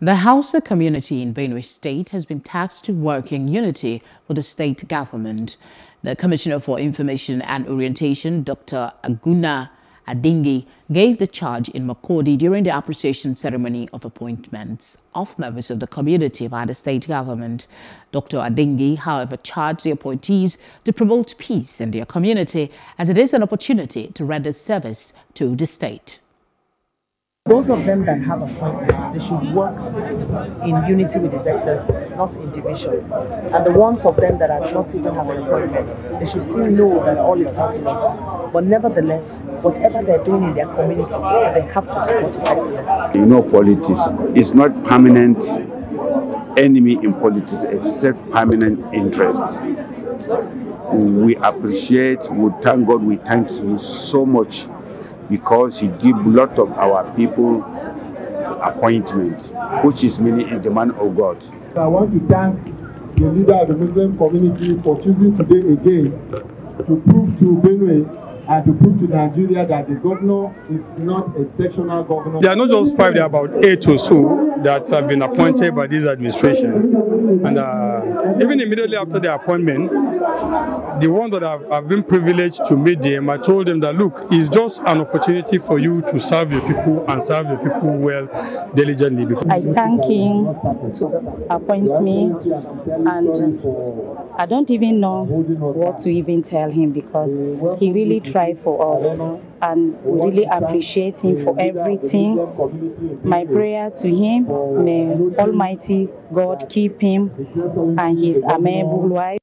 The Hausa community in Benue State has been tasked to work in unity with the state government. The Commissioner for Information and Orientation, Dr. Aguna Adingi, gave the charge in Makodi during the appreciation ceremony of appointments of members of the community by the state government. Dr. Adingi, however, charged the appointees to promote peace in their community as it is an opportunity to render service to the state. Those of them that have appointments, they should work in unity with His Excellency, not in division. And the ones of them that are not even have an appointment, they should still know that all is not lost. But nevertheless, whatever they're doing in their community, they have to support His Excellency. You know, politics is not permanent enemy in politics except permanent interest. We appreciate, we thank God, we thank you so much because he give a lot of our people appointment, which is meaning is the man of God. I want to thank the leader of the Muslim community for choosing today again to prove to Benue and to prove to Nigeria that the governor is not a sectional governor. There are not just five, there are about eight or so. that have been appointed by this administration. And uh, even immediately after the appointment, the one that I've, I've, been privileged to meet them, I told them that, look, it's just an opportunity for you to serve your people and serve your people well diligently. I thank him to appoint me and I don't even know what to even tell him because he really tried for us and really appreciate him for everything. My prayer to him, may Almighty God keep him and his amiable wife